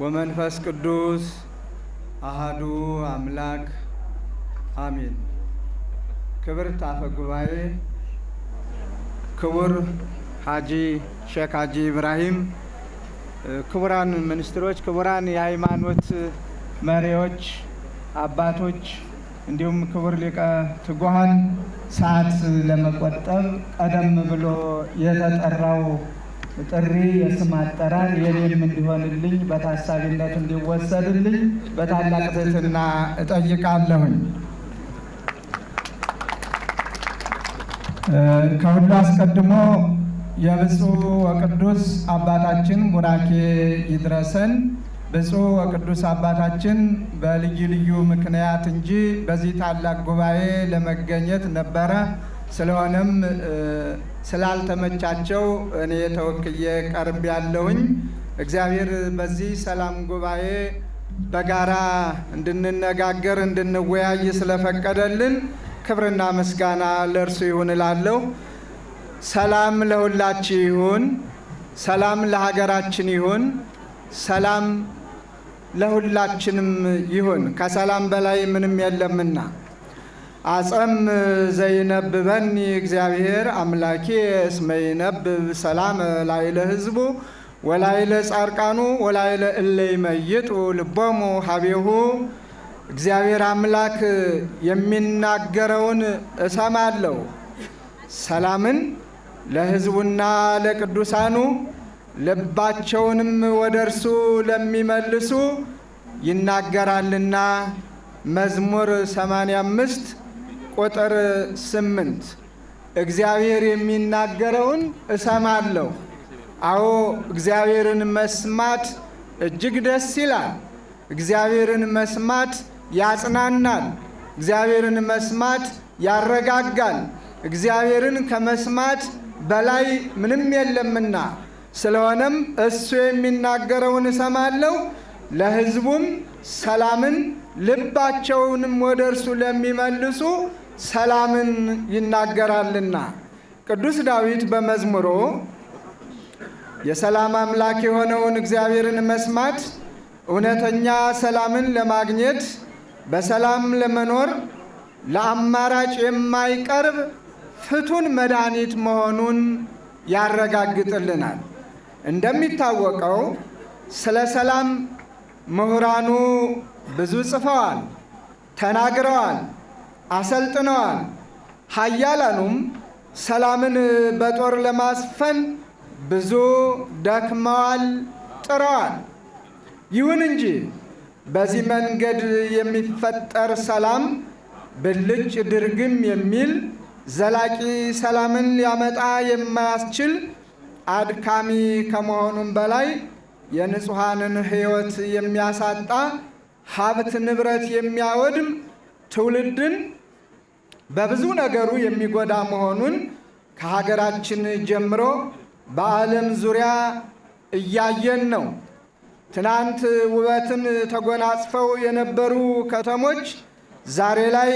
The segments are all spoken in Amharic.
ወመንፈስ ቅዱስ አህዱ አምላክ አሜን። ክብርት አፈ ጉባኤ ክቡር ሀጂ ሼክ ሀጂ ኢብራሂም፣ ክቡራን ሚኒስትሮች፣ ክቡራን የሃይማኖት መሪዎች፣ አባቶች እንዲሁም ክቡር ሊቀ ትጉሃን ሰዓት ለመቆጠብ ቀደም ብሎ የተጠራው ጥሪ የስም አጠራር የኔም እንዲሆንልኝ በታሳቢነት እንዲወሰድልኝ በታላቅ ትህትና እጠይቃለሁኝ። ከሁሉ አስቀድሞ የብፁዕ ወቅዱስ አባታችን ቡራኬ ይድረሰን። ብፁዕ ወቅዱስ አባታችን በልዩ ልዩ ምክንያት እንጂ በዚህ ታላቅ ጉባኤ ለመገኘት ነበረ ስለሆነም ስላልተመቻቸው እኔ ተወክዬ ቀርብ ያለውኝ እግዚአብሔር በዚህ ሰላም ጉባኤ በጋራ እንድንነጋገር እንድንወያይ ስለፈቀደልን ክብርና ምስጋና ለእርሱ ይሁን እላለሁ። ሰላም ለሁላችን ይሁን። ሰላም ለሀገራችን ይሁን። ሰላም ለሁላችንም ይሁን። ከሰላም በላይ ምንም የለምና አጸም ዘይነብበኒ እግዚአብሔር አምላኬ እስመ ይነብብ ሰላም ላይለ ህዝቡ ወላይለ ጻርቃኑ ወላይለ እለይ መይጡ ልቦሙ ሀቤሁ እግዚአብሔር አምላክ የሚናገረውን እሰማለሁ። ሰላምን ለህዝቡና ለቅዱሳኑ ልባቸውንም ወደ እርሱ ለሚመልሱ ይናገራልና መዝሙር 85 ቁጥር ስምንት እግዚአብሔር የሚናገረውን እሰማለሁ። አዎ እግዚአብሔርን መስማት እጅግ ደስ ይላል። እግዚአብሔርን መስማት ያጽናናል። እግዚአብሔርን መስማት ያረጋጋል። እግዚአብሔርን ከመስማት በላይ ምንም የለምና፣ ስለሆነም እሱ የሚናገረውን እሰማለሁ፣ ለሕዝቡም ሰላምን ልባቸውንም ወደ እርሱ ለሚመልሱ ሰላምን ይናገራልና። ቅዱስ ዳዊት በመዝሙሩ የሰላም አምላክ የሆነውን እግዚአብሔርን መስማት እውነተኛ ሰላምን ለማግኘት በሰላም ለመኖር ለአማራጭ የማይቀርብ ፍቱን መድኃኒት መሆኑን ያረጋግጥልናል። እንደሚታወቀው ስለ ሰላም ምሁራኑ ብዙ ጽፈዋል፣ ተናግረዋል። አሰልጥነዋል። ሀያላኑም ሰላምን በጦር ለማስፈን ብዙ ደክመዋል፣ ጥረዋል። ይሁን እንጂ በዚህ መንገድ የሚፈጠር ሰላም ብልጭ ድርግም የሚል ዘላቂ ሰላምን ሊያመጣ የማያስችል አድካሚ ከመሆኑም በላይ የንጹሐንን ሕይወት የሚያሳጣ ሀብት ንብረት የሚያወድም ትውልድን በብዙ ነገሩ የሚጎዳ መሆኑን ከሀገራችን ጀምሮ በዓለም ዙሪያ እያየን ነው። ትናንት ውበትን ተጎናጽፈው የነበሩ ከተሞች ዛሬ ላይ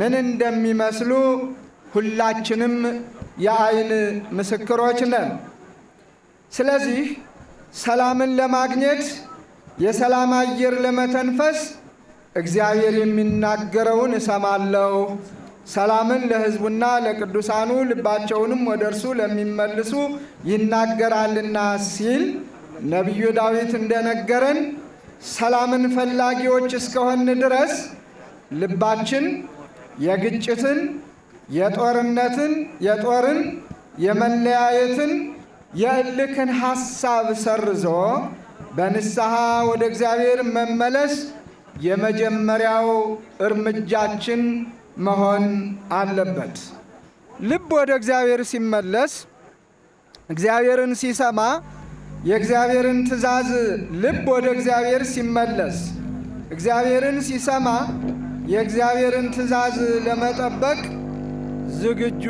ምን እንደሚመስሉ ሁላችንም የአይን ምስክሮች ነን። ስለዚህ ሰላምን ለማግኘት የሰላም አየር ለመተንፈስ እግዚአብሔር የሚናገረውን እሰማለሁ። ሰላምን ለሕዝቡና ለቅዱሳኑ ልባቸውንም ወደ እርሱ ለሚመልሱ ይናገራልና ሲል ነቢዩ ዳዊት እንደነገረን ሰላምን ፈላጊዎች እስከሆን ድረስ ልባችን የግጭትን፣ የጦርነትን፣ የጦርን፣ የመለያየትን፣ የእልክን ሐሳብ ሰርዞ በንስሐ ወደ እግዚአብሔር መመለስ የመጀመሪያው እርምጃችን መሆን አለበት። ልብ ወደ እግዚአብሔር ሲመለስ እግዚአብሔርን ሲሰማ የእግዚአብሔርን ትእዛዝ ልብ ወደ እግዚአብሔር ሲመለስ እግዚአብሔርን ሲሰማ የእግዚአብሔርን ትእዛዝ ለመጠበቅ ዝግጁ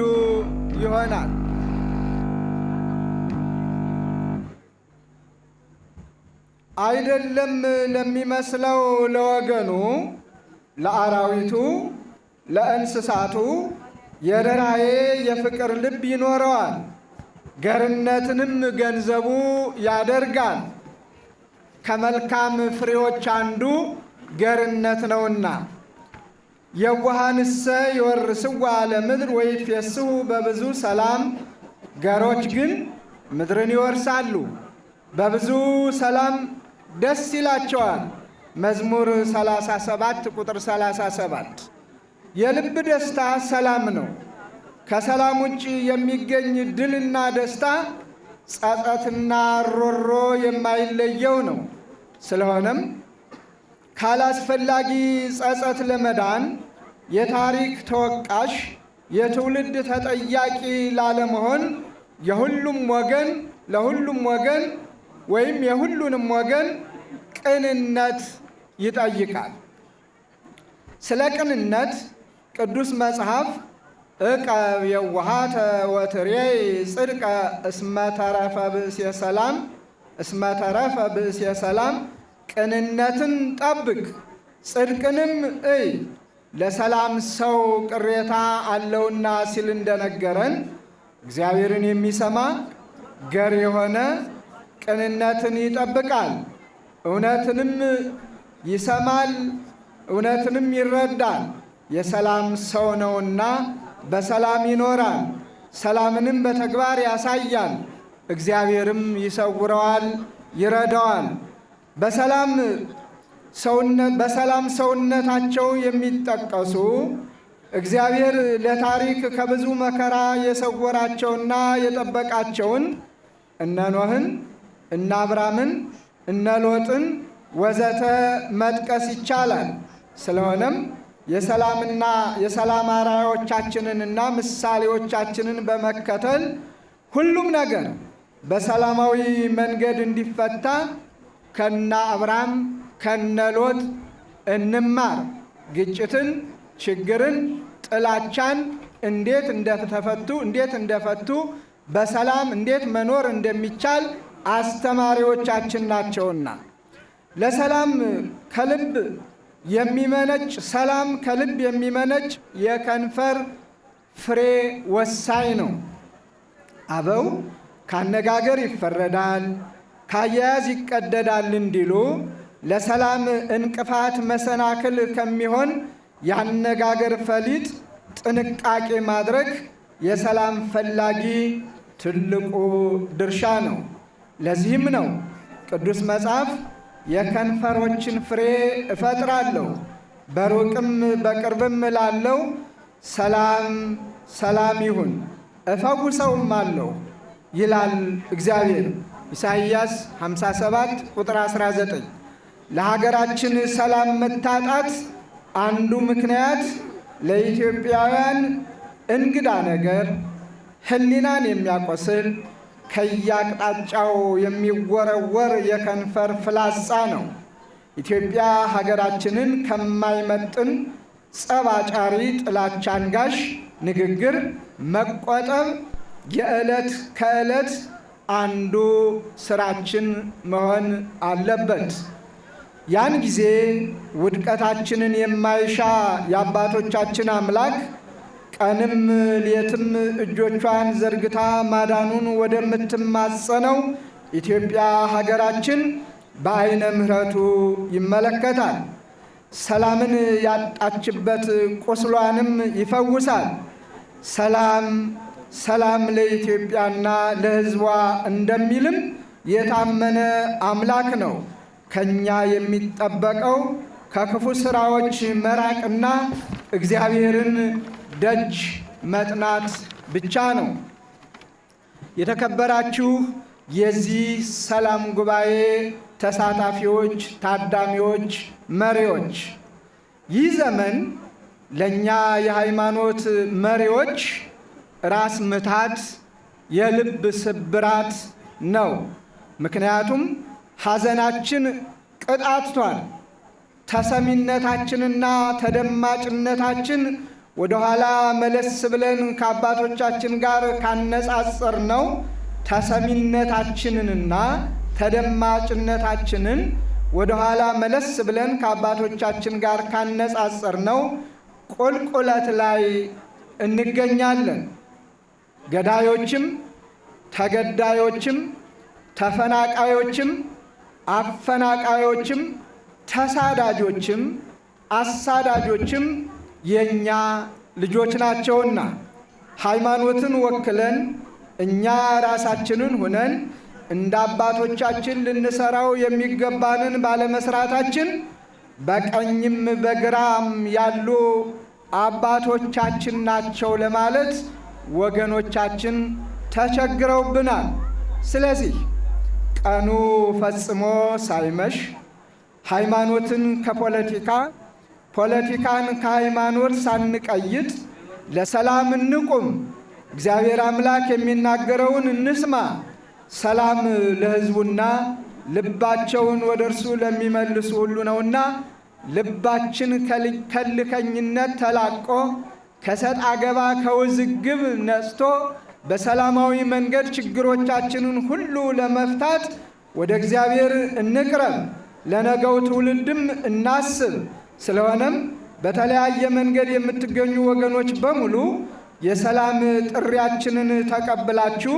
ይሆናል። አይደለም ለሚመስለው ለወገኑ፣ ለአራዊቱ፣ ለእንስሳቱ የደራዬ የፍቅር ልብ ይኖረዋል፣ ገርነትንም ገንዘቡ ያደርጋል። ከመልካም ፍሬዎች አንዱ ገርነት ነውና። የዋሃንሰ ይወርስዋ ለምድር ወይፌስሑ በብዙ ሰላም። ገሮች ግን ምድርን ይወርሳሉ በብዙ ሰላም ደስ ይላቸዋል። መዝሙር 37 ቁጥር 37 የልብ ደስታ ሰላም ነው። ከሰላም ውጭ የሚገኝ ድልና ደስታ ጸጸትና ሮሮ የማይለየው ነው። ስለሆነም ካላስፈላጊ ጸጸት ለመዳን የታሪክ ተወቃሽ የትውልድ ተጠያቂ ላለመሆን የሁሉም ወገን ለሁሉም ወገን ወይም የሁሉንም ወገን ቅንነት ይጠይቃል። ስለ ቅንነት ቅዱስ መጽሐፍ እቀብ የዋሃተ ወትሬ ጽድቀ እስመተረፈ ብእሴ የሰላም እስመተረፈ ብእሴ የሰላም ቅንነትን ጠብቅ ጽድቅንም እይ ለሰላም ሰው ቅሬታ አለውና ሲል እንደነገረን እግዚአብሔርን የሚሰማ ገር የሆነ ቅንነትን ይጠብቃል። እውነትንም ይሰማል፣ እውነትንም ይረዳል። የሰላም ሰው ነውና በሰላም ይኖራል፣ ሰላምንም በተግባር ያሳያል። እግዚአብሔርም ይሰውረዋል፣ ይረዳዋል። በሰላም በሰላም ሰውነታቸው የሚጠቀሱ እግዚአብሔር ለታሪክ ከብዙ መከራ የሰወራቸውና የጠበቃቸውን እነ ኖህን እነ አብራምን እነ ሎጥን ወዘተ መጥቀስ ይቻላል። ስለሆነም የሰላምና የሰላም አርአያዎቻችንንና ምሳሌዎቻችንን በመከተል ሁሉም ነገር በሰላማዊ መንገድ እንዲፈታ ከነ አብርሃም ከነ ሎጥ እንማር። ግጭትን፣ ችግርን፣ ጥላቻን እንዴት እንደተፈቱ እንዴት እንደፈቱ በሰላም እንዴት መኖር እንደሚቻል አስተማሪዎቻችን ናቸውና ለሰላም ከልብ የሚመነጭ ሰላም ከልብ የሚመነጭ የከንፈር ፍሬ ወሳኝ ነው። አበው ካነጋገር ይፈረዳል፣ ካያያዝ ይቀደዳል እንዲሉ ለሰላም እንቅፋት መሰናክል ከሚሆን የአነጋገር ፈሊጥ ጥንቃቄ ማድረግ የሰላም ፈላጊ ትልቁ ድርሻ ነው። ለዚህም ነው ቅዱስ መጽሐፍ የከንፈሮችን ፍሬ እፈጥራለሁ በሩቅም በቅርብም ላለው ሰላም ሰላም ይሁን እፈውሰውም አለሁ ይላል እግዚአብሔር። ኢሳይያስ 57 ቁጥር 19። ለሀገራችን ሰላም መታጣት አንዱ ምክንያት ለኢትዮጵያውያን እንግዳ ነገር፣ ሕሊናን የሚያቆስል ከያቅጣጫው የሚወረወር የከንፈር ፍላጻ ነው። ኢትዮጵያ ሀገራችንን ከማይመጥን ጸባጫሪ አጫሪ ጥላቻ አንጋሽ ንግግር መቆጠብ የዕለት ከዕለት አንዱ ስራችን መሆን አለበት። ያን ጊዜ ውድቀታችንን የማይሻ የአባቶቻችን አምላክ ቀንም ሌትም እጆቿን ዘርግታ ማዳኑን ወደምትማጸነው ኢትዮጵያ ሀገራችን በአይነ ምሕረቱ ይመለከታል። ሰላምን ያጣችበት ቁስሏንም ይፈውሳል። ሰላም ሰላም ለኢትዮጵያና ለሕዝቧ እንደሚልም የታመነ አምላክ ነው። ከኛ የሚጠበቀው ከክፉ ስራዎች መራቅና እግዚአብሔርን ደጅ መጥናት ብቻ ነው። የተከበራችሁ የዚህ ሰላም ጉባኤ ተሳታፊዎች፣ ታዳሚዎች፣ መሪዎች ይህ ዘመን ለእኛ የሃይማኖት መሪዎች ራስ ምታት፣ የልብ ስብራት ነው። ምክንያቱም ሐዘናችን ቅጣትቷል። ተሰሚነታችንና ተደማጭነታችን ወደ ኋላ መለስ ብለን ከአባቶቻችን ጋር ካነጻጸር ነው ተሰሚነታችንንና ተደማጭነታችንን ወደ ኋላ መለስ ብለን ከአባቶቻችን ጋር ካነጻጸር ነው ቁልቁለት ላይ እንገኛለን። ገዳዮችም ተገዳዮችም ተፈናቃዮችም አፈናቃዮችም ተሳዳጆችም አሳዳጆችም የእኛ ልጆች ናቸውና ሃይማኖትን ወክለን እኛ ራሳችንን ሁነን እንደ አባቶቻችን ልንሰራው የሚገባንን ባለመስራታችን በቀኝም በግራም ያሉ አባቶቻችን ናቸው ለማለት ወገኖቻችን ተቸግረውብናል። ስለዚህ ቀኑ ፈጽሞ ሳይመሽ ሃይማኖትን ከፖለቲካ ፖለቲካን ከሃይማኖት ሳንቀይጥ ለሰላም እንቁም፣ እግዚአብሔር አምላክ የሚናገረውን እንስማ፣ ሰላም ለሕዝቡና ልባቸውን ወደ እርሱ ለሚመልሱ ሁሉ ነውና ልባችን ከልከኝነት ተላቆ ከሰጥ አገባ ከውዝግብ ነጽቶ በሰላማዊ መንገድ ችግሮቻችንን ሁሉ ለመፍታት ወደ እግዚአብሔር እንቅረብ፣ ለነገው ትውልድም እናስብ። ስለሆነም በተለያየ መንገድ የምትገኙ ወገኖች በሙሉ የሰላም ጥሪያችንን ተቀብላችሁ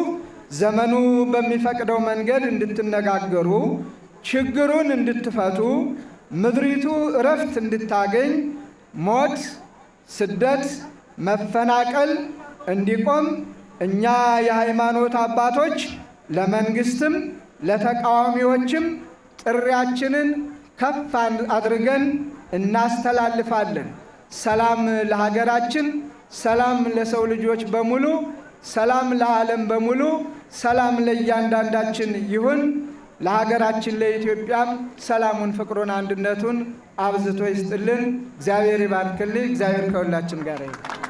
ዘመኑ በሚፈቅደው መንገድ እንድትነጋገሩ፣ ችግሩን እንድትፈቱ፣ ምድሪቱ እረፍት እንድታገኝ፣ ሞት፣ ስደት፣ መፈናቀል እንዲቆም እኛ የሃይማኖት አባቶች ለመንግስትም ለተቃዋሚዎችም ጥሪያችንን ከፍ አድርገን እናስተላልፋለን። ሰላም ለሀገራችን፣ ሰላም ለሰው ልጆች በሙሉ፣ ሰላም ለዓለም በሙሉ፣ ሰላም ለእያንዳንዳችን ይሁን። ለሀገራችን ለኢትዮጵያም ሰላሙን፣ ፍቅሩን፣ አንድነቱን አብዝቶ ይስጥልን። እግዚአብሔር ይባርክልኝ። እግዚአብሔር ከሁላችን ጋር ይሁን።